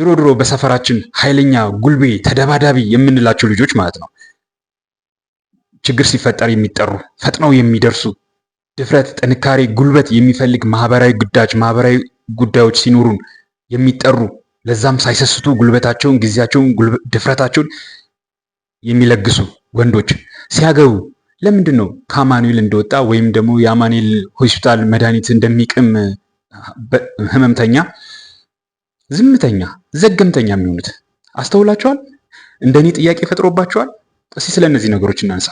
ድሮ ድሮ በሰፈራችን ኃይለኛ ጉልቤ ተደባዳቢ የምንላቸው ልጆች ማለት ነው። ችግር ሲፈጠር የሚጠሩ ፈጥነው የሚደርሱ ድፍረት፣ ጥንካሬ፣ ጉልበት የሚፈልግ ማህበራዊ ግዳጅ ማህበራዊ ጉዳዮች ሲኖሩን የሚጠሩ ለዛም ሳይሰስቱ ጉልበታቸውን፣ ጊዜያቸውን፣ ድፍረታቸውን የሚለግሱ ወንዶች ሲያገቡ ለምንድን ነው ከአማኑኤል እንደወጣ ወይም ደግሞ የአማኑኤል ሆስፒታል መድኃኒት እንደሚቅም ህመምተኛ ዝምተኛ ዘገምተኛ የሚሆኑት አስተውላቸዋል? እንደኔ ጥያቄ ፈጥሮባቸዋል? እስኪ ስለ እነዚህ ነገሮች እናንሳ።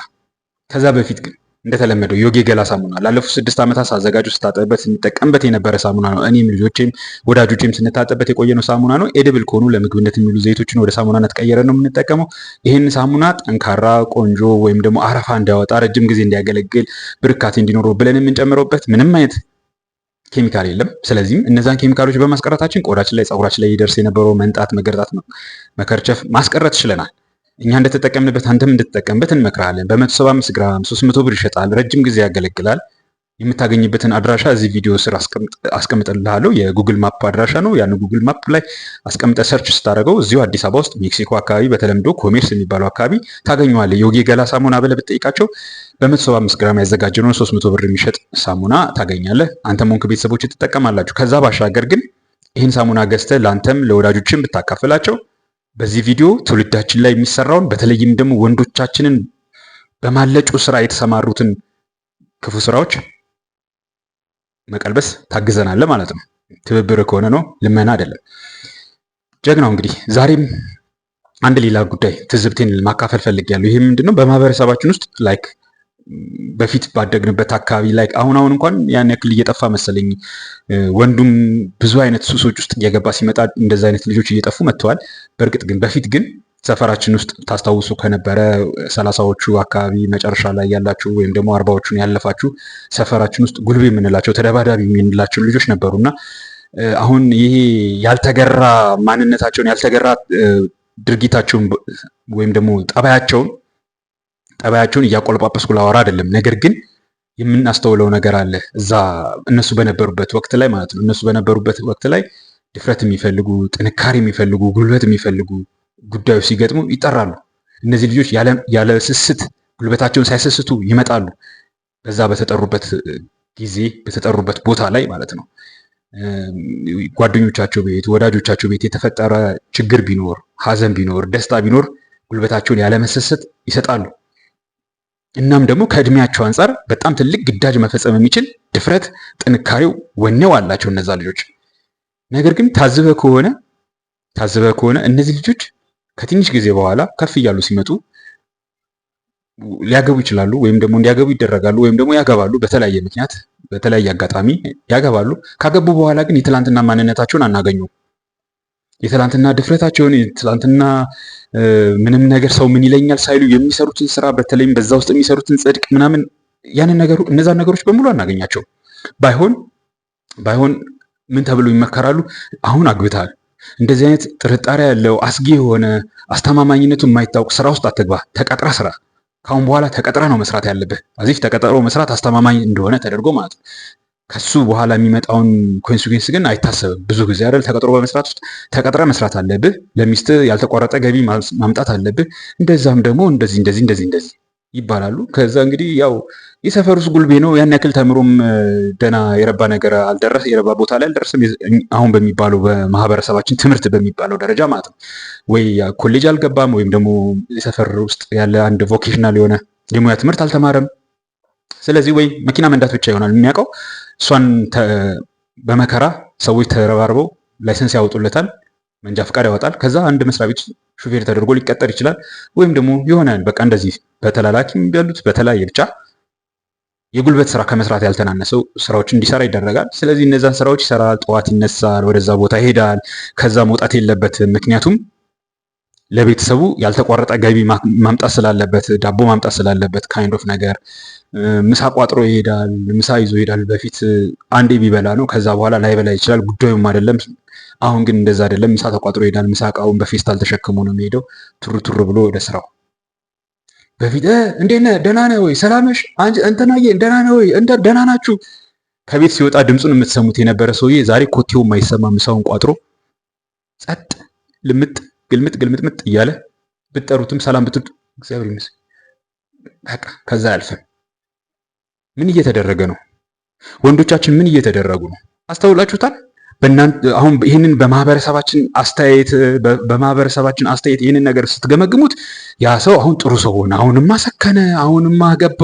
ከዛ በፊት ግን እንደተለመደው ዮጊ ገላ ሳሙና ላለፉት ስድስት ዓመታት ሳዘጋጁ ስታጠብበት ስንጠቀምበት የነበረ ሳሙና ነው። እኔም ልጆቼም ወዳጆቼም ስንታጠብበት የቆየነው ሳሙና ነው። ኤድብል ከሆኑ ለምግብነት የሚሉ ዘይቶችን ወደ ሳሙናነት ቀየረ ነው የምንጠቀመው። ይህን ሳሙና ጠንካራ ቆንጆ፣ ወይም ደግሞ አረፋ እንዳያወጣ፣ ረጅም ጊዜ እንዲያገለግል፣ ብርካት እንዲኖረው ብለን የምንጨምረውበት ምንም አይነት ኬሚካል የለም። ስለዚህም እነዛን ኬሚካሎች በማስቀረታችን ቆዳችን ላይ፣ ፀጉራችን ላይ ይደርስ የነበረው መንጣት፣ መገርጣት፣ መከርቸፍ ማስቀረት ችለናል። እኛ እንደተጠቀምንበት አንተም እንድትጠቀምበት እንመክራለን። በ175 ግራም 300 ብር ይሸጣል። ረጅም ጊዜ ያገለግላል። የምታገኝበትን አድራሻ እዚህ ቪዲዮ ስር አስቀምጥልሃለሁ። የጉግል ማፕ አድራሻ ነው። ያን ጉግል ማፕ ላይ አስቀምጠ ሰርች ስታደርገው እዚሁ አዲስ አበባ ውስጥ ሜክሲኮ አካባቢ በተለምዶ ኮሜርስ የሚባለው አካባቢ ታገኘዋለህ። የዮጊ ገላ ሳሙና ብለህ ብትጠይቃቸው በ175 ግራም ያዘጋጀነው 300 ብር የሚሸጥ ሳሙና ታገኛለህ። አንተም ሆንክ ቤተሰቦች ትጠቀማላችሁ። ከዛ ባሻገር ግን ይህን ሳሙና ገዝተህ ለአንተም ለወዳጆችን ብታካፍላቸው በዚህ ቪዲዮ ትውልዳችን ላይ የሚሰራውን በተለይም ደግሞ ወንዶቻችንን በማለጩ ስራ የተሰማሩትን ክፉ ስራዎች መቀልበስ ታግዘናለህ ማለት ነው። ትብብር ከሆነ ነው፣ ልመና አይደለም። ጀግናው እንግዲህ ዛሬም አንድ ሌላ ጉዳይ ትዝብቴን ማካፈል ፈልጌያለሁ። ይህ ምንድነው? በማህበረሰባችን ውስጥ ላይክ በፊት ባደግንበት አካባቢ ላይ አሁን አሁን እንኳን ያን ያክል እየጠፋ መሰለኝ። ወንዱም ብዙ አይነት ሱሶች ውስጥ እየገባ ሲመጣ እንደዚ አይነት ልጆች እየጠፉ መጥተዋል። በእርግጥ ግን በፊት ግን ሰፈራችን ውስጥ ታስታውሱ ከነበረ ሰላሳዎቹ አካባቢ መጨረሻ ላይ ያላችሁ ወይም ደግሞ አርባዎቹን ያለፋችሁ ሰፈራችን ውስጥ ጉልቤ የምንላቸው ተደባዳቢ የምንላቸው ልጆች ነበሩ እና አሁን ይሄ ያልተገራ ማንነታቸውን ያልተገራ ድርጊታቸውን ወይም ደግሞ ጠባያቸውን ጠባያቸውን እያቆለጳጰስኩ ላወራ አይደለም። ነገር ግን የምናስተውለው ነገር አለ እዛ እነሱ በነበሩበት ወቅት ላይ ማለት ነው። እነሱ በነበሩበት ወቅት ላይ ድፍረት የሚፈልጉ ጥንካሬ የሚፈልጉ ጉልበት የሚፈልጉ ጉዳዮች ሲገጥሙ ይጠራሉ። እነዚህ ልጆች ያለ ስስት ጉልበታቸውን ሳይሰስቱ ይመጣሉ። በዛ በተጠሩበት ጊዜ በተጠሩበት ቦታ ላይ ማለት ነው። ጓደኞቻቸው ቤት፣ ወዳጆቻቸው ቤት የተፈጠረ ችግር ቢኖር፣ ሀዘን ቢኖር፣ ደስታ ቢኖር ጉልበታቸውን ያለመሰሰት ይሰጣሉ። እናም ደግሞ ከእድሜያቸው አንጻር በጣም ትልቅ ግዳጅ መፈጸም የሚችል ድፍረት፣ ጥንካሬው፣ ወኔው አላቸው እነዛ ልጆች። ነገር ግን ታዝበ ከሆነ ታዝበ ከሆነ እነዚህ ልጆች ከትንሽ ጊዜ በኋላ ከፍ እያሉ ሲመጡ ሊያገቡ ይችላሉ፣ ወይም ደግሞ እንዲያገቡ ይደረጋሉ፣ ወይም ደግሞ ያገባሉ። በተለያየ ምክንያት በተለያየ አጋጣሚ ያገባሉ። ካገቡ በኋላ ግን የትላንትና ማንነታቸውን አናገኙ። የትላንትና ድፍረታቸውን የትላንትና ምንም ነገር ሰው ምን ይለኛል ሳይሉ የሚሰሩትን ስራ በተለይም በዛ ውስጥ የሚሰሩትን ጽድቅ ምናምን ያንን ነገሩ እነዛን ነገሮች በሙሉ አናገኛቸው። ባይሆን ባይሆን ምን ተብሎ ይመከራሉ? አሁን አግብታል እንደዚህ አይነት ጥርጣሬ ያለው አስጊ የሆነ አስተማማኝነቱ የማይታወቅ ስራ ውስጥ አትግባ፣ ተቀጥራ ስራ ከአሁን በኋላ ተቀጥረ ነው መስራት ያለብህ። አዚፍ ተቀጥሮ መስራት አስተማማኝ እንደሆነ ተደርጎ ማለት ነው። ከሱ በኋላ የሚመጣውን ኮንሲኩዌንስ ግን አይታሰብም። ብዙ ጊዜ አይደል ተቀጥሮ በመስራት ውስጥ ተቀጥረ መስራት አለብህ፣ ለሚስት ያልተቋረጠ ገቢ ማምጣት አለብህ፣ እንደዛም ደግሞ እንደዚህ እንደዚህ እንደዚህ እንደዚህ ይባላሉ። ከዛ እንግዲህ ያው የሰፈር ውስጥ ጉልቤ ነው ያን ያክል ተምሮም ደና የረባ ነገር አልደረስ የረባ ቦታ ላይ አልደረስም። አሁን በሚባለው በማህበረሰባችን ትምህርት በሚባለው ደረጃ ማለት ነው ወይ ኮሌጅ አልገባም ወይም ደግሞ የሰፈር ውስጥ ያለ አንድ ቮኬሽናል የሆነ የሙያ ትምህርት አልተማረም። ስለዚህ ወይ መኪና መንዳት ብቻ ይሆናል የሚያውቀው እሷን በመከራ ሰዎች ተረባርበው ላይሰንስ ያወጡለታል፣ መንጃ ፈቃድ ያወጣል። ከዛ አንድ መስሪያ ቤት ሹፌር ተደርጎ ሊቀጠር ይችላል። ወይም ደግሞ የሆነ በቃ እንደዚህ በተላላኪም ያሉት በተለያየ ብቻ የጉልበት ስራ ከመስራት ያልተናነሰው ስራዎች እንዲሰራ ይደረጋል። ስለዚህ እነዛን ስራዎች ይሰራል። ጠዋት ይነሳል፣ ወደዛ ቦታ ይሄዳል። ከዛ መውጣት የለበትም ምክንያቱም ለቤተሰቡ ያልተቋረጠ ገቢ ማምጣት ስላለበት ዳቦ ማምጣት ስላለበት ካይንድ ኦፍ ነገር ምሳ ቋጥሮ ይሄዳል። ምሳ ይዞ ይሄዳል። በፊት አንዴ ቢበላ ነው፣ ከዛ በኋላ ላይበላ ይችላል። ጉዳዩም አይደለም። አሁን ግን እንደዛ አይደለም። ምሳ ተቋጥሮ ይሄዳል። ምሳ እቃውን በፌስታል ተሸክሞ ነው የሚሄደው፣ ቱር ቱር ብሎ ወደ ስራው። በፊት እንዴት ነህ ደህና ነህ ወይ ሰላምሽ እንትናዬ ደህና ነህ ወይ ደህና ናችሁ ከቤት ሲወጣ ድምፁን የምትሰሙት የነበረ ሰውዬ ዛሬ ኮቴውም አይሰማ ምሳውን ቋጥሮ ጸጥ ልምጥ ግልምጥ ግልምጥምጥ እያለ ብትጠሩትም ሰላም ብትሉት እግዚአብሔር ይመስገን በቃ ከዛ አያልፍም። ምን እየተደረገ ነው? ወንዶቻችን ምን እየተደረጉ ነው? አስተውላችሁታል? አሁን ይህንን በማህበረሰባችን አስተያየት በማህበረሰባችን አስተያየት ይህንን ነገር ስትገመግሙት ያ ሰው አሁን ጥሩ ሰው ሆነ፣ አሁንማ ሰከነ፣ አሁንማ ገባ፣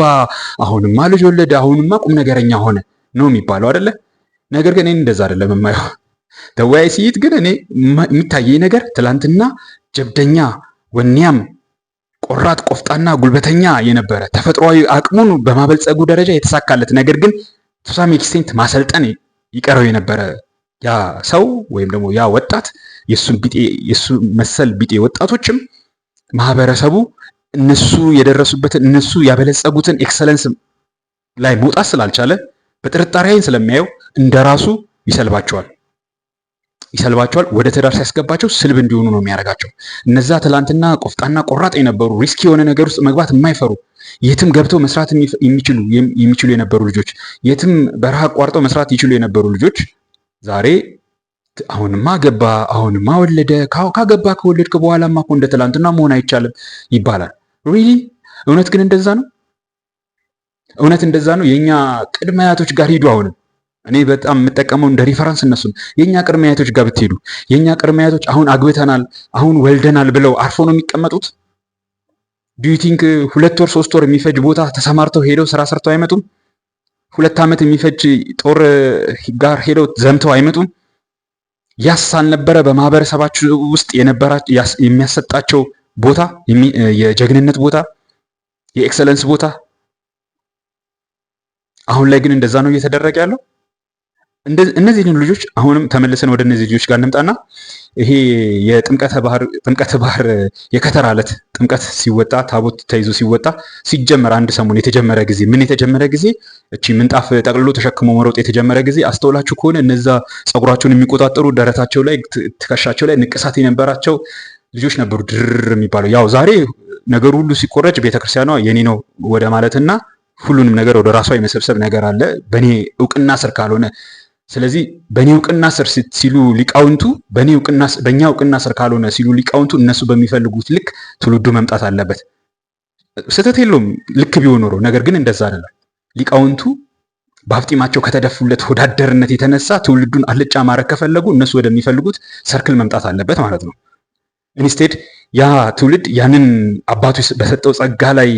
አሁንማ ልጅ ወለደ፣ አሁንማ ቁም ነገረኛ ሆነ ነው የሚባለው አይደለ? ነገር ግን ይህን እንደዛ አይደለም የማየው ተወያይ ሲይት ግን እኔ የሚታየኝ ነገር ትላንትና ጀብደኛ ወኔያም ቆራጥ ቆፍጣና ጉልበተኛ የነበረ ተፈጥሯዊ አቅሙን በማበልጸጉ ደረጃ የተሳካለት ነገር ግን ቱሳም ኤክስቴንት ማሰልጠን ይቀረው የነበረ ያ ሰው ወይም ደግሞ ያ ወጣት የሱን ቢጤ የሱ መሰል ቢጤ ወጣቶችም ማህበረሰቡ እነሱ የደረሱበትን እነሱ ያበለጸጉትን ኤክሰለንስ ላይ መውጣት ስላልቻለ በጥርጣሬ አይን ስለሚያየው እንደራሱ ይሰልባቸዋል። ይሰልባቸዋል። ወደ ትዳር ሲያስገባቸው ስልብ እንዲሆኑ ነው የሚያደርጋቸው። እነዛ ትላንትና ቆፍጣና ቆራጥ የነበሩ ሪስክ የሆነ ነገር ውስጥ መግባት የማይፈሩ የትም ገብተው መስራት የሚችሉ የሚችሉ የነበሩ ልጆች የትም በረሃ አቋርጠው መስራት ይችሉ የነበሩ ልጆች ዛሬ አሁንማ ገባ፣ አሁንማ ወለደ፣ ካገባ ከወለድክ በኋላማ እኮ እንደ ትላንትና መሆን አይቻልም ይባላል። ሪሊ እውነት ግን እንደዛ ነው? እውነት እንደዛ ነው? የእኛ ቅድመ አያቶች ጋር ሂዱ አሁንም እኔ በጣም የምጠቀመው እንደ ሪፈረንስ እነሱን የእኛ ቅድመ አያቶች ጋር ብትሄዱ የእኛ ቅድመ አያቶች አሁን አግብተናል አሁን ወልደናል ብለው አርፎ ነው የሚቀመጡት? ዱዩቲንክ ሁለት ወር ሶስት ወር የሚፈጅ ቦታ ተሰማርተው ሄደው ስራ ሰርተው አይመጡም? ሁለት ዓመት የሚፈጅ ጦር ጋር ሄደው ዘምተው አይመጡም? ያስ አልነበረ በማህበረሰባችሁ ውስጥ የሚያሰጣቸው ቦታ የጀግንነት ቦታ የኤክሰለንስ ቦታ አሁን ላይ ግን እንደዛ ነው እየተደረገ ያለው። እነዚህን ልጆች አሁንም ተመልሰን ወደ እነዚህ ልጆች ጋር እንምጣና ይሄ የጥምቀተ ባህር ጥምቀተ ባህር የከተራ ዕለት ጥምቀት ሲወጣ ታቦት ተይዞ ሲወጣ ሲጀመር አንድ ሰሞን የተጀመረ ጊዜ ምን የተጀመረ ጊዜ እቺ ምንጣፍ ጠቅልሎ ተሸክሞ መሮጥ የተጀመረ ጊዜ አስተውላችሁ ከሆነ እነዛ ጸጉራቸውን የሚቆጣጠሩ ደረታቸው ላይ ትከሻቸው ላይ ንቅሳት የነበራቸው ልጆች ነበሩ። ድርር የሚባለው ያው ዛሬ ነገሩ ሁሉ ሲቆረጭ ቤተክርስቲያኗ የኔ ነው ወደ ማለትና ሁሉንም ነገር ወደ ራሷ የመሰብሰብ ነገር አለ በእኔ እውቅና ስር ካልሆነ ስለዚህ በእኔ እውቅና ስር ሲሉ ሊቃውንቱ በእኛ እውቅና ስር ካልሆነ ሲሉ ሊቃውንቱ እነሱ በሚፈልጉት ልክ ትውልዱ መምጣት አለበት። ስህተት የለውም ልክ ቢሆን ኖሮ። ነገር ግን እንደዛ አይደለም። ሊቃውንቱ በአፍጢማቸው ከተደፉለት ወዳደርነት የተነሳ ትውልዱን አልጫ ማድረግ ከፈለጉ እነሱ ወደሚፈልጉት ሰርክል መምጣት አለበት ማለት ነው። ኢንስቴድ ያ ትውልድ ያንን አባቱ በሰጠው ጸጋ ላይ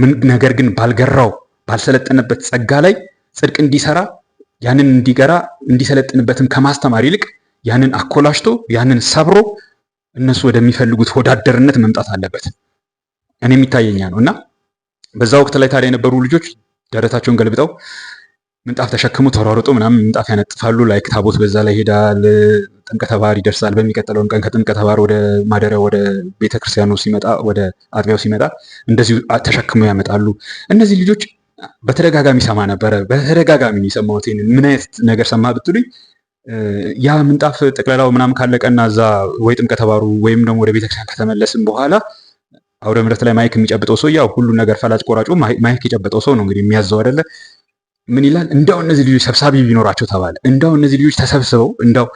ምን ነገር ግን ባልገራው ባልሰለጠነበት ጸጋ ላይ ጽድቅ እንዲሰራ ያንን እንዲገራ እንዲሰለጥንበትም ከማስተማር ይልቅ ያንን አኮላሽቶ ያንን ሰብሮ እነሱ ወደሚፈልጉት ወዳደርነት መምጣት አለበት። እኔ የሚታየኛ ነው እና በዛ ወቅት ላይ ታዲያ የነበሩ ልጆች ደረታቸውን ገልብጠው ምንጣፍ ተሸክሙ ተሯሩጦ ምናምን ምንጣፍ ያነጥፋሉ። ላይክ ታቦት በዛ ላይ ይሄዳል። ጥምቀተ ባህር ይደርሳል። በሚቀጥለውን ቀን ከጥምቀተ ባህር ወደ ማደሪያ ወደ ቤተክርስቲያኑ ሲመጣ ወደ አጥቢያው ሲመጣ እንደዚሁ ተሸክመው ያመጣሉ። እነዚህ ልጆች በተደጋጋሚ ሰማ ነበረ። በተደጋጋሚ የሰማሁት ምን አይነት ነገር ሰማ ብትሉኝ ያ ምንጣፍ ጠቅለላው ምናምን ካለቀና እዛ ወይ ጥምቀተ ባሩ ወይም ደግሞ ወደ ቤተክርስቲያን ከተመለስም በኋላ አውደ ምሕረት ላይ ማይክ የሚጨብጠው ሰው ያው ሁሉን ነገር ፈላጭ ቆራጩ ማይክ የጨበጠው ሰው ነው እንግዲህ የሚያዘው አይደለ። ምን ይላል እንዳው እነዚህ ልጆች ሰብሳቢ ቢኖራቸው ተባለ። እንዳው እነዚህ ልጆች ተሰብስበው እንዳው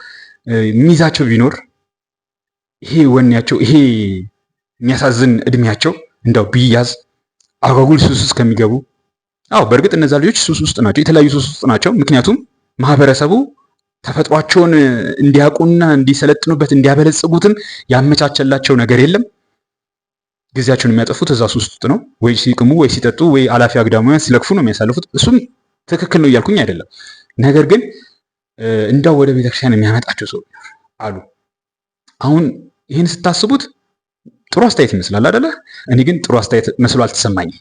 የሚይዛቸው ቢኖር ይሄ ወኔያቸው ይሄ የሚያሳዝን እድሜያቸው እንዳው ቢያዝ አጓጉል ሱስ ከሚገቡ አዎ በእርግጥ እነዛ ልጆች ሱስ ውስጥ ናቸው፣ የተለያዩ ሱስ ውስጥ ናቸው። ምክንያቱም ማህበረሰቡ ተፈጥሯቸውን እንዲያውቁና እንዲሰለጥኑበት እንዲያበለጽጉትም ያመቻቸላቸው ነገር የለም። ጊዜያቸውን የሚያጠፉት እዛ ሱስ ውስጥ ነው። ወይ ሲቅሙ፣ ወይ ሲጠጡ፣ ወይ አላፊ አግዳሚያን ሲለክፉ ነው የሚያሳልፉት። እሱም ትክክል ነው እያልኩኝ አይደለም። ነገር ግን እንዳው ወደ ቤተክርስቲያን የሚያመጣቸው ሰው አሉ። አሁን ይህን ስታስቡት ጥሩ አስተያየት ይመስላል አደለ? እኔ ግን ጥሩ አስተያየት መስሎ አልተሰማኝም።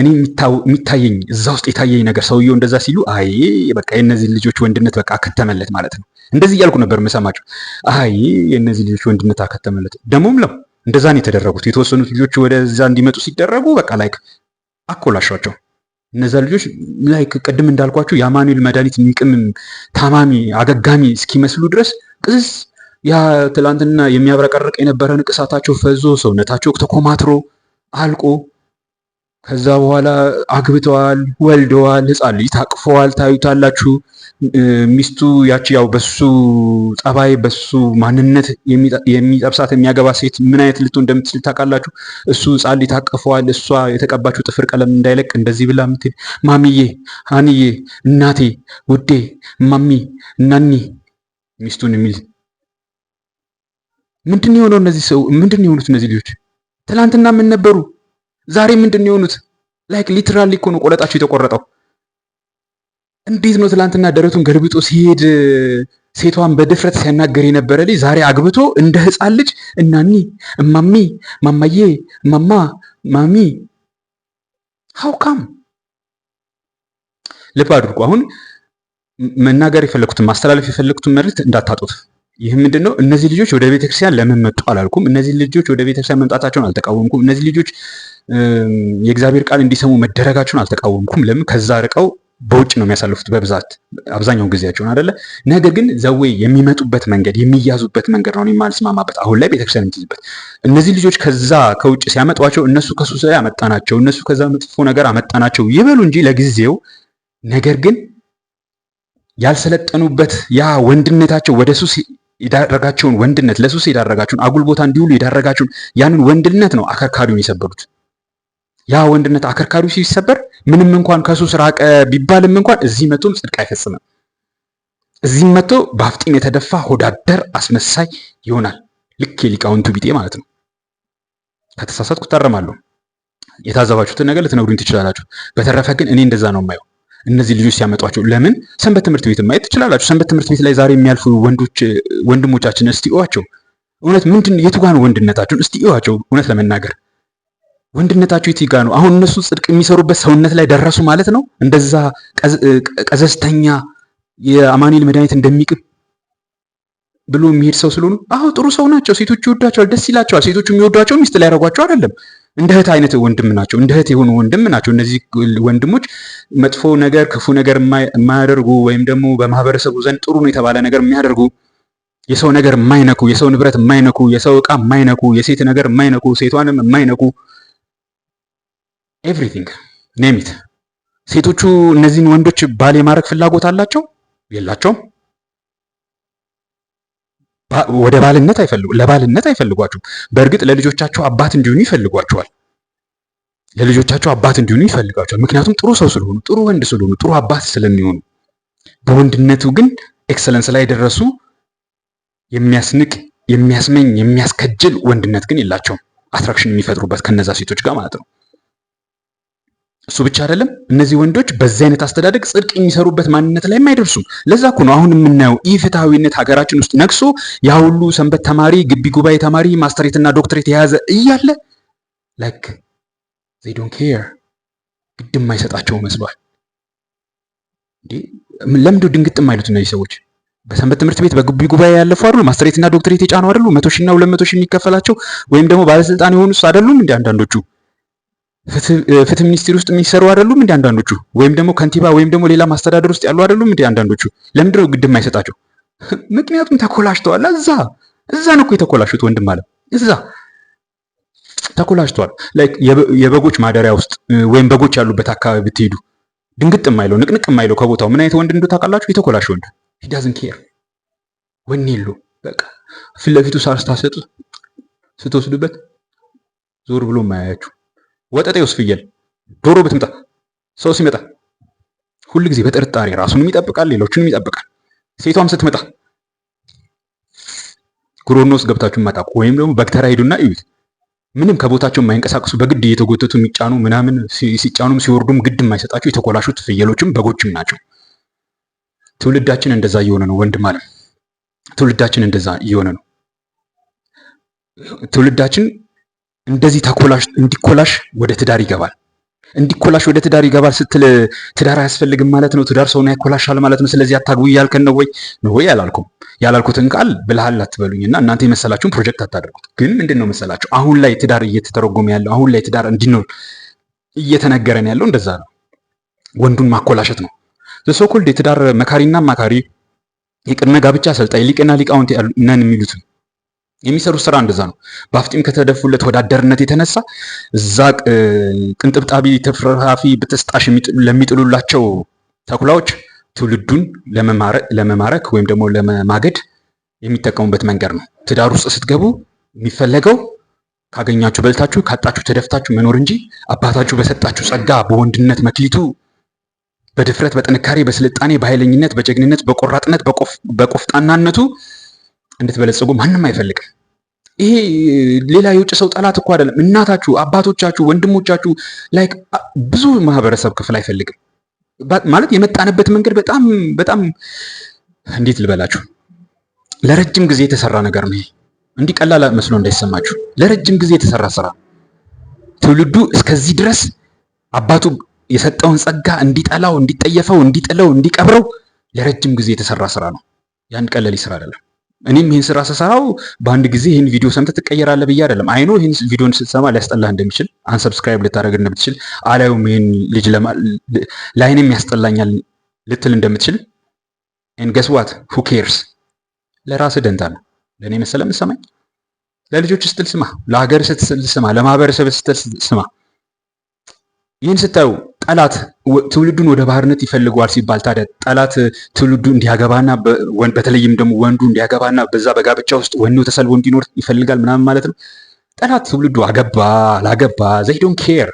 እኔ የሚታየኝ እዛ ውስጥ የታየኝ ነገር ሰውየው እንደዛ ሲሉ አይ በቃ የእነዚህ ልጆች ወንድነት በቃ አከተመለት ማለት ነው። እንደዚህ እያልኩ ነበር የምሰማቸው። አይ የእነዚህ ልጆች ወንድነት አከተመለት። ደግሞም ለው እንደዛ ነው የተደረጉት። የተወሰኑት ልጆች ወደዛ እንዲመጡ ሲደረጉ በቃ ላይክ አኮላሻቸው። እነዛ ልጆች ላይክ ቅድም እንዳልኳቸው የአማኑኤል መድኃኒት የሚቅምም ታማሚ አገጋሚ እስኪመስሉ ድረስ ቅስ ያ ትላንትና የሚያብረቀርቅ የነበረ ንቅሳታቸው ፈዞ ሰውነታቸው ተኮማትሮ አልቆ ከዛ በኋላ አግብተዋል፣ ወልደዋል፣ ህፃን ልጅ ታቅፈዋል። ታዩታላችሁ። ሚስቱ ያቺ ያው በሱ ጠባይ በሱ ማንነት የሚጠብሳት የሚያገባ ሴት ምን አይነት ልትሆን እንደምትችል ታውቃላችሁ። እሱ ህፃን ልጅ ታቅፈዋል። እሷ የተቀባችው ጥፍር ቀለም እንዳይለቅ እንደዚህ ብላ ምትል ማሚዬ፣ አንዬ፣ እናቴ፣ ውዴ፣ ማሚ፣ እናኒ ሚስቱን የሚል ምንድን የሆነው እነዚህ ሰው ምንድን የሆኑት እነዚህ ልጆች ትላንትና ምን ነበሩ? ዛሬ ምንድን የሆኑት ላይክ ሊትራሊ እኮ ነው ቆለጣቸው የተቆረጠው። እንዴት ነው ትላንትና ደረቱን ገልብጦ ሲሄድ ሴቷን በድፍረት ሲያናገር የነበረ ልጅ ዛሬ አግብቶ እንደ ህፃን ልጅ እናኒ እማሚ ማማዬ ማማ ማሚ ሀውካም ልብ አድርጎ አሁን መናገር የፈለግኩትን ማስተላለፍ የፈለግኩትን መልእክት እንዳታጡት። ይህ ምንድን ነው? እነዚህ ልጆች ወደ ቤተክርስቲያን ለምን መጡ አላልኩም። እነዚህ ልጆች ወደ ቤተክርስቲያን መምጣታቸውን አልተቃወምኩም። እነዚህ ልጆች የእግዚአብሔር ቃል እንዲሰሙ መደረጋቸውን አልተቃወምኩም። ለምን ከዛ ርቀው በውጭ ነው የሚያሳልፉት በብዛት አብዛኛውን ጊዜያቸውን አደለ። ነገር ግን ዘዌ የሚመጡበት መንገድ የሚያዙበት መንገድ ነው የማልስማማበት። አሁን ላይ ቤተክርስቲያን የምትይዝበት እነዚህ ልጆች ከዛ ከውጭ ሲያመጧቸው እነሱ ከሱስ ላይ አመጣናቸው፣ እነሱ ከዛ መጥፎ ነገር አመጣናቸው ይበሉ እንጂ ለጊዜው ነገር ግን ያልሰለጠኑበት ያ ወንድነታቸው ወደ ሱስ የዳረጋቸውን ወንድነት ለሱስ የዳረጋቸውን አጉል ቦታ እንዲውሉ የዳረጋቸውን ያንን ወንድነት ነው አከርካሪውን የሰበሩት። ያ ወንድነት አከርካሪው ሲሰበር ምንም እንኳን ከሱስ ራቀ ቢባልም እንኳን እዚህ መቶም ጽድቅ አይፈጽምም። እዚህም መጥቶ በአፍጢም የተደፋ ሆዳደር አስመሳይ ይሆናል። ልክ የሊቃውንቱ ቢጤ ማለት ነው። ከተሳሳትኩ ታረማለሁ። የታዘባችሁትን ነገር ልትነግሩኝ ትችላላችሁ። በተረፈ ግን እኔ እንደዛ ነው የማየው። እነዚህ ልጆች ሲያመጧቸው ለምን ሰንበት ትምህርት ቤት ማየት ትችላላችሁ። ሰንበት ትምህርት ቤት ላይ ዛሬ የሚያልፉ ወንዶች ወንድሞቻችን እስቲ እዋቸው። እውነት ምንድን የትጓን ወንድነታችሁን እስቲ እዋቸው። እውነት ለመናገር ወንድነታቸው የት ጋ ነው? አሁን እነሱ ጽድቅ የሚሰሩበት ሰውነት ላይ ደረሱ ማለት ነው። እንደዛ ቀዘዝተኛ የአማኑኤል መድኃኒት እንደሚቅም ብሎ የሚሄድ ሰው ስለሆኑ፣ አሁ ጥሩ ሰው ናቸው። ሴቶቹ ይወዷቸዋል፣ ደስ ይላቸዋል። ሴቶቹ የሚወዷቸው ሚስት ሊያደርጓቸው አይደለም። እንደ እህት አይነት ወንድም ናቸው። እንደ እህት የሆኑ ወንድም ናቸው። እነዚህ ወንድሞች መጥፎ ነገር፣ ክፉ ነገር የማያደርጉ ወይም ደግሞ በማህበረሰቡ ዘንድ ጥሩ ነው የተባለ ነገር የሚያደርጉ የሰው ነገር የማይነኩ፣ የሰው ንብረት የማይነኩ፣ የሰው እቃ የማይነኩ፣ የሴት ነገር የማይነኩ፣ ሴቷንም የማይነኩ ኤቭሪቲንግ ኔሚት። ሴቶቹ እነዚህን ወንዶች ባል የማድረግ ፍላጎት አላቸው የላቸውም? ወደ ባልነት አይፈልጉ ለባልነት አይፈልጓቸውም። በእርግጥ ለልጆቻቸው አባት እንዲሆኑ ይፈልጓቸዋል። ለልጆቻቸው አባት እንዲሆኑ ይፈልጓቸዋል። ምክንያቱም ጥሩ ሰው ስለሆኑ፣ ጥሩ ወንድ ስለሆኑ፣ ጥሩ አባት ስለሚሆኑ በወንድነቱ ግን ኤክሰለንስ ላይ የደረሱ የሚያስንቅ የሚያስመኝ የሚያስከጅል ወንድነት ግን የላቸውም። አትራክሽን የሚፈጥሩበት ከነዛ ሴቶች ጋር ማለት ነው። እሱ ብቻ አይደለም። እነዚህ ወንዶች በዚህ አይነት አስተዳደግ ጽድቅ የሚሰሩበት ማንነት ላይም አይደርሱም። ለዛ እኮ ነው አሁን የምናየው ኢፍትሐዊነት ሀገራችን ውስጥ ነግሶ ያ ሁሉ ሰንበት ተማሪ፣ ግቢ ጉባኤ ተማሪ ማስተሬትና ዶክትሬት የያዘ እያለ ላይክ ዜይ ዶንት ኬር ግድ የማይሰጣቸው መስሏል። ለምዶ ድንግጥ የማይሉት እነዚህ ሰዎች በሰንበት ትምህርት ቤት በግቢ ጉባኤ ያለፉ አይደሉ? ማስተሬትና ዶክትሬት የጫኑ አይደሉ? መቶ ሺና ሁለት መቶ የሚከፈላቸው ወይም ደግሞ ባለስልጣን የሆኑ አይደሉም? እንደ አንዳንዶቹ ፍትህ ሚኒስቴር ውስጥ የሚሰሩ አይደሉም እንዲ አንዳንዶቹ ወይም ደግሞ ከንቲባ ወይም ደግሞ ሌላ ማስተዳደር ውስጥ ያሉ አይደሉም እንዲ አንዳንዶቹ ለምንድን ነው ግድም አይሰጣቸው? ምክንያቱም ተኮላሽተዋል እዛ እዛ ነው እኮ የተኮላሹት ወንድም አለ እዛ ተኮላሽተዋል ላይክ የበጎች ማደሪያ ውስጥ ወይም በጎች ያሉበት አካባቢ ብትሄዱ ድንግጥ የማይለው ንቅንቅ የማይለው ከቦታው ምን አይነት ወንድ እንደው ታውቃላችሁ የተኮላሽ ወንድ ዳዝን ኬር ወኔ የለውም በቃ ፊት ለፊቱ ሳር ስታሰጡ ስትወስዱበት ዞር ብሎ የማያያችሁ ወጠጤውስ ፍየል ዶሮ ብትምጣ ሰው ሲመጣ ሁል ጊዜ በጥርጣሬ ራሱንም ይጠብቃል፣ ሌሎችንም ይጠብቃል። ሴቷም ስትመጣ ጉሮኖ ውስጥ ገብታችሁ የማታውቁ ወይም ደግሞ በግተራ ሄዱና እዩት። ምንም ከቦታቸው የማይንቀሳቀሱ በግድ እየተጎተቱ የሚጫኑ ምናምን ሲጫኑም ሲወርዱም ግድ የማይሰጣቸው የተኮላሹት ፍየሎችም በጎችም ናቸው። ትውልዳችን እንደዛ እየሆነ ነው። ወንድም አለም ትውልዳችን እንደዛ እየሆነ ነው። ትውልዳችን እንደዚህ ተኮላሽ እንዲኮላሽ ወደ ትዳር ይገባል። እንዲኮላሽ ወደ ትዳር ይገባል ስትል ትዳር አያስፈልግም ማለት ነው። ትዳር ሰውን ያኮላሻል ማለት ነው። ስለዚህ አታግቡ እያልከን ነው ወይ? ነው ወይ አላልኩም። ያላልኩትን ቃል ብልሃል አትበሉኝና እናንተ የመሰላችሁን ፕሮጀክት አታደርጉት። ግን ምንድን ነው መሰላችሁ አሁን ላይ ትዳር እየተተረጎመ ያለው አሁን ላይ ትዳር እንዲኖር እየተነገረን ያለው እንደዛ ነው። ወንዱን ማኮላሸት ነው። ዘሶኮልድ የትዳር መካሪና አማካሪ የቅድመ ጋብቻ አሰልጣኝ ሊቅና ሊቃውንት ነን የሚሉትን የሚሰሩት ስራ እንደዛ ነው። በአፍጢም ከተደፉለት ወዳደርነት የተነሳ እዛ ቅንጥብጣቢ ተፍራፊ ብትስጣሽ ለሚጥሉላቸው ተኩላዎች ትውልዱን ለመማረክ ወይም ደግሞ ለመማገድ የሚጠቀሙበት መንገድ ነው። ትዳር ውስጥ ስትገቡ የሚፈለገው ካገኛችሁ በልታችሁ ካጣችሁ ተደፍታችሁ መኖር እንጂ አባታችሁ በሰጣችሁ ጸጋ፣ በወንድነት መክሊቱ፣ በድፍረት፣ በጥንካሬ፣ በስልጣኔ፣ በኃይለኝነት፣ በጀግንነት፣ በቆራጥነት፣ በቆፍጣናነቱ እንድትበለጸጉ ማንም አይፈልግም። ይሄ ሌላ የውጭ ሰው ጠላት እኮ አይደለም። እናታችሁ፣ አባቶቻችሁ፣ ወንድሞቻችሁ ላይክ ብዙ ማህበረሰብ ክፍል አይፈልግም ማለት የመጣንበት መንገድ በጣም በጣም እንዴት ልበላችሁ ለረጅም ጊዜ የተሰራ ነገር ነው። ይሄ እንዲህ ቀላል መስሎ እንዳይሰማችሁ ለረጅም ጊዜ የተሰራ ስራ ትውልዱ እስከዚህ ድረስ አባቱ የሰጠውን ጸጋ እንዲጠላው፣ እንዲጠየፈው፣ እንዲጥለው፣ እንዲቀብረው ለረጅም ጊዜ የተሰራ ስራ ነው። ያን ቀለል ስራ አይደለም። እኔም ይህን ስራ ስሰራው በአንድ ጊዜ ይህን ቪዲዮ ሰምተህ ትቀየራለህ ብዬ አይደለም። አይኖ ይህን ቪዲዮን ስትሰማ ሊያስጠላህ እንደሚችል አንሰብስክራይብ ልታደርግ እንደምትችል አላዩም ይህን ልጅ ለአይንም ያስጠላኛል ልትል እንደምትችል ንገስዋት ሁ ኬርስ ለራስህ ደንታ ነው። ለእኔ መሰለ ምሰማኝ ለልጆች ስትል ስማ፣ ለሀገር ስትል ስማ፣ ለማህበረሰብ ስትል ስማ። ይህን ስታዩ ጠላት ትውልዱን ወደ ባርነት ይፈልገዋል ሲባል ታዲያ ጠላት ትውልዱ እንዲያገባና በተለይም ደግሞ ወንዱ እንዲያገባና በዛ በጋብቻ ውስጥ ወኔው ተሰልቦ እንዲኖር ይፈልጋል ምናምን ማለት ነው። ጠላት ትውልዱ አገባ አላገባ ዘይ ዶንት ኬር።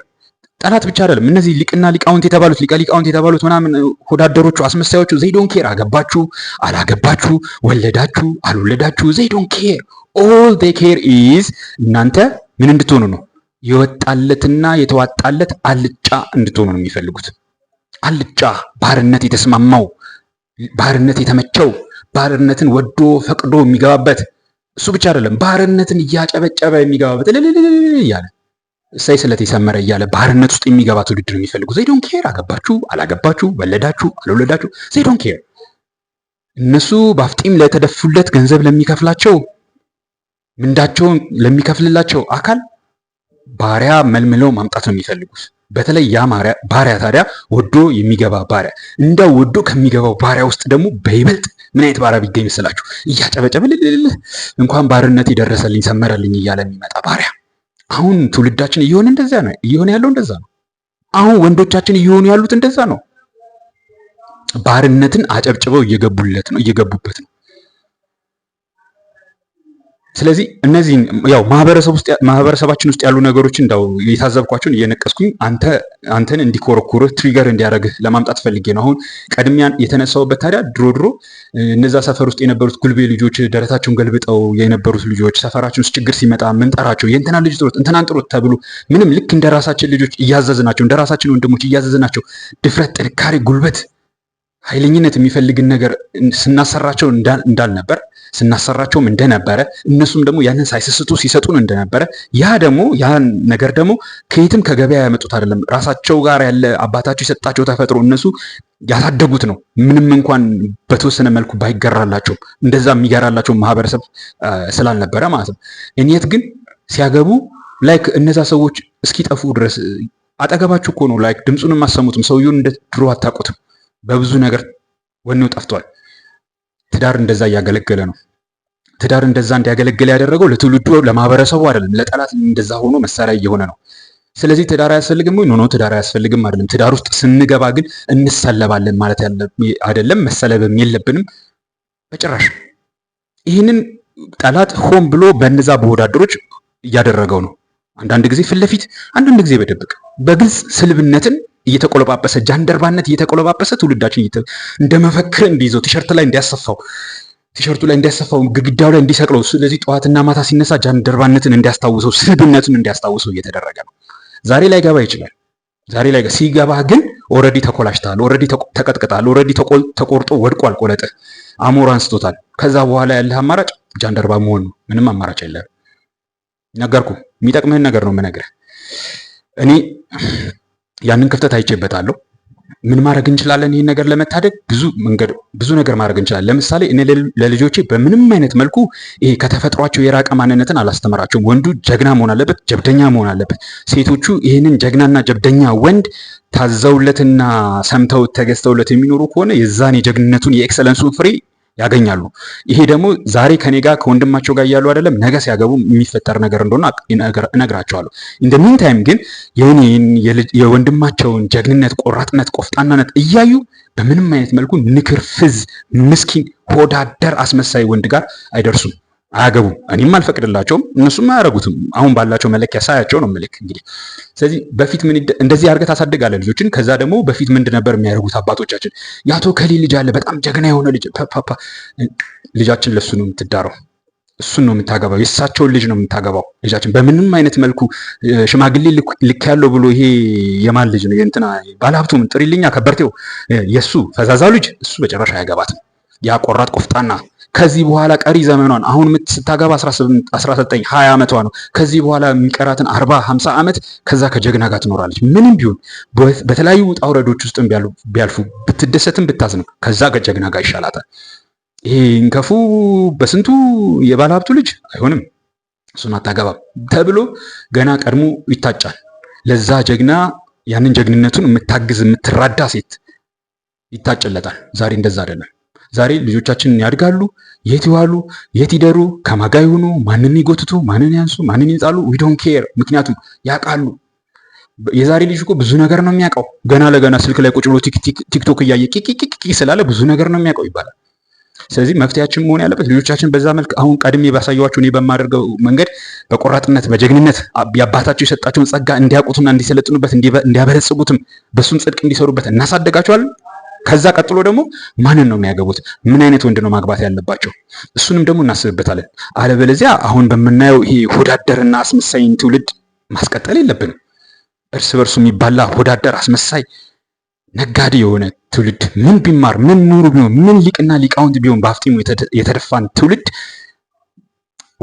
ጠላት ብቻ አይደለም እነዚህ ሊቅና ሊቃውንት የተባሉት ሊቀ ሊቃውንት የተባሉት ምናምን ወዳደሮቹ አስመሳዮቹ ዘይ ዶንት ኬር። አገባችሁ አላገባችሁ፣ ወለዳችሁ አልወለዳችሁ ዘይ ዶንት ኬር። ኦል ዴ ኬር ኢዝ እናንተ ምን እንድትሆኑ ነው የወጣለትና የተዋጣለት አልጫ እንድትሆኑ ነው የሚፈልጉት። አልጫ ባርነት የተስማማው ባርነት የተመቸው ባርነትን ወዶ ፈቅዶ የሚገባበት እሱ ብቻ አይደለም፣ ባርነትን እያጨበጨበ የሚገባበት እያለ እሰይ ስለት የሰመረ እያለ ባርነት ውስጥ የሚገባ ትውልድ ነው የሚፈልጉት። ዜዶን ኬር አገባችሁ አላገባችሁ፣ ወለዳችሁ አልወለዳችሁ፣ ዘይዶን ኬር እነሱ በአፍጢም ለተደፉለት ገንዘብ ለሚከፍላቸው ምንዳቸውን ለሚከፍልላቸው አካል ባሪያ መልምለው ማምጣት ነው የሚፈልጉት። በተለይ ያ ባሪያ ታዲያ ወዶ የሚገባ ባሪያ እንደ ወዶ ከሚገባው ባሪያ ውስጥ ደግሞ በይበልጥ ምን አይነት ባሪያ ቢገኝ መስላችሁ እያጨበጨበ ልልልል እንኳን ባርነት የደረሰልኝ ሰመረልኝ እያለ የሚመጣ ባሪያ። አሁን ትውልዳችን እየሆነ እንደዚያ ነው እየሆነ ያለው እንደዛ ነው። አሁን ወንዶቻችን እየሆኑ ያሉት እንደዛ ነው። ባርነትን አጨብጭበው እየገቡለት ነው እየገቡበት ነው። ስለዚህ እነዚህን ያው ማህበረሰባችን ውስጥ ያሉ ነገሮችን እንዳው የታዘብኳቸውን እየነቀስኩኝ አንተን እንዲኮረኩርህ ትሪገር እንዲያደርግህ ለማምጣት ፈልጌ ነው። አሁን ቀድሚያን የተነሳውበት ታዲያ ድሮ ድሮ እነዛ ሰፈር ውስጥ የነበሩት ጉልቤ ልጆች ደረታቸውን ገልብጠው የነበሩት ልጆች ሰፈራችን ውስጥ ችግር ሲመጣ ምንጠራቸው የእንትና ልጅ ጥሩት እንትናን ጥሩት ተብሎ ምንም ልክ እንደ ራሳችን ልጆች እያዘዝናቸው እንደ ራሳችን ወንድሞች እያዘዝናቸው ድፍረት፣ ጥንካሬ፣ ጉልበት፣ ኃይለኝነት የሚፈልግን ነገር ስናሰራቸው እንዳልነበር ስናሰራቸውም እንደነበረ እነሱም ደግሞ ያንን ሳይስስቱ ሲሰጡን እንደነበረ ያ ደግሞ ያን ነገር ደግሞ ከየትም ከገበያ ያመጡት አይደለም። ራሳቸው ጋር ያለ አባታቸው የሰጣቸው ተፈጥሮ እነሱ ያሳደጉት ነው። ምንም እንኳን በተወሰነ መልኩ ባይገራላቸውም እንደዛ የሚገራላቸው ማህበረሰብ ስላልነበረ ማለት ነው። እኔት ግን ሲያገቡ ላይክ እነዛ ሰዎች እስኪጠፉ ድረስ አጠገባችሁ እኮ ነው። ላይክ ድምፁንም አሰሙትም። ሰውየውን እንደ ድሮ አታውቁትም። በብዙ ነገር ወኔው ጠፍቷል። ትዳር እንደዛ እያገለገለ ነው። ትዳር እንደዛ እንዲያገለግል ያደረገው ለትውልዱ ለማህበረሰቡ አይደለም፣ ለጠላት እንደዛ ሆኖ መሳሪያ እየሆነ ነው። ስለዚህ ትዳር አያስፈልግም ወይ? ኖኖ ትዳር አያስፈልግም አይደለም። ትዳር ውስጥ ስንገባ ግን እንሰለባለን ማለት አይደለም። መሰለብም የለብንም በጭራሽ። ይህንን ጠላት ሆን ብሎ በእነዛ በወዳደሮች እያደረገው ነው። አንዳንድ ጊዜ ፊት ለፊት፣ አንዳንድ ጊዜ በደብቅ በግልጽ ስልብነትን እየተቆለባበሰ ጃንደርባነት እየተቆለባበሰ ትውልዳችን እንደ መፈክር እንዲይዘው ቲሸርት ላይ እንዲያሰፋው ቲሸርቱ ላይ እንዲያሰፋው ግድግዳው ላይ እንዲሰቅለው፣ ስለዚህ ጠዋትና ማታ ሲነሳ ጃንደርባነትን እንዲያስታውሰው፣ ስድብነቱን እንዲያስታውሰው እየተደረገ ነው። ዛሬ ላይ ገባ ይችላል። ዛሬ ላይ ሲገባ ግን ኦልሬዲ ተኮላሽታል፣ ኦልሬዲ ተቀጥቅጣል፣ ኦልሬዲ ተቆርጦ ወድቋል። ቆለጥ አሞራ አንስቶታል። ከዛ በኋላ ያለህ አማራጭ ጃንደርባ መሆን ነው። ምንም አማራጭ የለም። ነገርኩ። የሚጠቅምህን ነገር ነው የምነግርህ እኔ ያንን ክፍተት አይቼበታለሁ። ምን ማድረግ እንችላለን? ይህን ነገር ለመታደግ ብዙ መንገድ ብዙ ነገር ማድረግ እንችላለን። ለምሳሌ እኔ ለልጆቼ በምንም አይነት መልኩ ይሄ ከተፈጥሯቸው የራቀ ማንነትን አላስተምራቸውም። ወንዱ ጀግና መሆን አለበት፣ ጀብደኛ መሆን አለበት። ሴቶቹ ይህንን ጀግናና ጀብደኛ ወንድ ታዘውለትና ሰምተውት ተገዝተውለት የሚኖሩ ከሆነ የዛን የጀግንነቱን የኤክሰለንሱን ፍሬ ያገኛሉ። ይሄ ደግሞ ዛሬ ከኔ ጋር ከወንድማቸው ጋር እያሉ አይደለም ነገ ሲያገቡ የሚፈጠር ነገር እንደሆነ እነግራቸዋለሁ። እንደ ሚን ታይም ግን የኔን የወንድማቸውን ጀግንነት፣ ቆራጥነት፣ ቆፍጣናነት እያዩ በምንም አይነት መልኩ ንክር፣ ፍዝ፣ ምስኪን፣ ሆዳደር አስመሳይ ወንድ ጋር አይደርሱም። አያገቡም። እኔም አልፈቅድላቸውም፣ እነሱም አያረጉትም። አሁን ባላቸው መለኪያ ሳያቸው ነው ምልክ እንግዲህ። ስለዚህ በፊት ምን እንደዚህ አድርገህ ታሳድጋለህ ልጆችን። ከዛ ደግሞ በፊት ምንድን ነበር የሚያደርጉት አባቶቻችን? የአቶ ከሌ ልጅ አለ በጣም ጀግና የሆነ ልጅ፣ ፓፓ ልጃችን ለሱ ነው የምትዳረው፣ እሱን ነው የምታገባው፣ የእሳቸውን ልጅ ነው የምታገባው ልጃችን። በምንም አይነት መልኩ ሽማግሌ ልክ ያለው ብሎ ይሄ የማን ልጅ ነው እንትና ባለሀብቱም ጥሪልኛ ከበርቴው፣ የእሱ ፈዛዛው ልጅ እሱ በጨረሻ አያገባትም። ያ ቆራጥ ቆፍጣና ከዚህ በኋላ ቀሪ ዘመኗን አሁን ስታገባ 19 20 ዓመቷ ነው። ከዚህ በኋላ የሚቀራትን 40 50 ዓመት ከዛ ከጀግና ጋር ትኖራለች። ምንም ቢሆን በተለያዩ ውጣ ውረዶች ውስጥ ቢያልፉ ብትደሰትም ብታዝንም ከዛ ከጀግና ጋር ይሻላታል። ይሄ እንከፉ በስንቱ የባለ ሀብቱ ልጅ አይሆንም እሱን አታገባም ተብሎ ገና ቀድሞ ይታጫል። ለዛ ጀግና ያንን ጀግንነቱን የምታግዝ የምትራዳ ሴት ይታጭለታል። ዛሬ እንደዛ አይደለም። ዛሬ ልጆቻችንን ያድጋሉ፣ የት ይዋሉ፣ የት ይደሩ፣ ከማጋ ይሁኑ፣ ማንን ይጎትቱ፣ ማንን ያንሱ፣ ማንን ይንጻሉ፣ ዊ ዶንት ኬር። ምክንያቱም ያውቃሉ። የዛሬ ልጅ እኮ ብዙ ነገር ነው የሚያውቀው። ገና ለገና ስልክ ላይ ቁጭ ብሎ ቲክቶክ እያየ ቂቂቂቂ ስላለ ብዙ ነገር ነው የሚያውቀው ይባላል። ስለዚህ መፍትሄያችን መሆን ያለበት ልጆቻችን በዛ መልክ አሁን ቀድሜ ባሳየኋቸው እኔ በማደርገው መንገድ በቆራጥነት በጀግንነት የአባታቸው የሰጣቸውን ጸጋ እንዲያውቁትና እንዲሰለጥኑበት እንዲያበለጽጉትም በሱን ጽድቅ እንዲሰሩበት እናሳደጋቸዋለን። ከዛ ቀጥሎ ደግሞ ማንን ነው የሚያገቡት? ምን አይነት ወንድ ነው ማግባት ያለባቸው? እሱንም ደግሞ እናስብበታለን። አለበለዚያ አሁን በምናየው ይሄ ሆዳደርና አስመሳይን ትውልድ ማስቀጠል የለብንም። እርስ በርሱ የሚባላ ሆዳደር፣ አስመሳይ፣ ነጋዴ የሆነ ትውልድ ምን ቢማር ምን ምሁሩ ቢሆን ምን ሊቅና ሊቃውንት ቢሆን በአፍጢሙ የተደፋን ትውልድ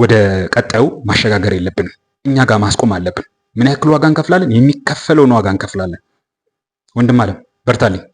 ወደ ቀጣዩ ማሸጋገር የለብንም። እኛ ጋር ማስቆም አለብን። ምን ያክል ዋጋ እንከፍላለን? የሚከፈለውን ዋጋ እንከፍላለን። ወንድም አለም በርታልኝ።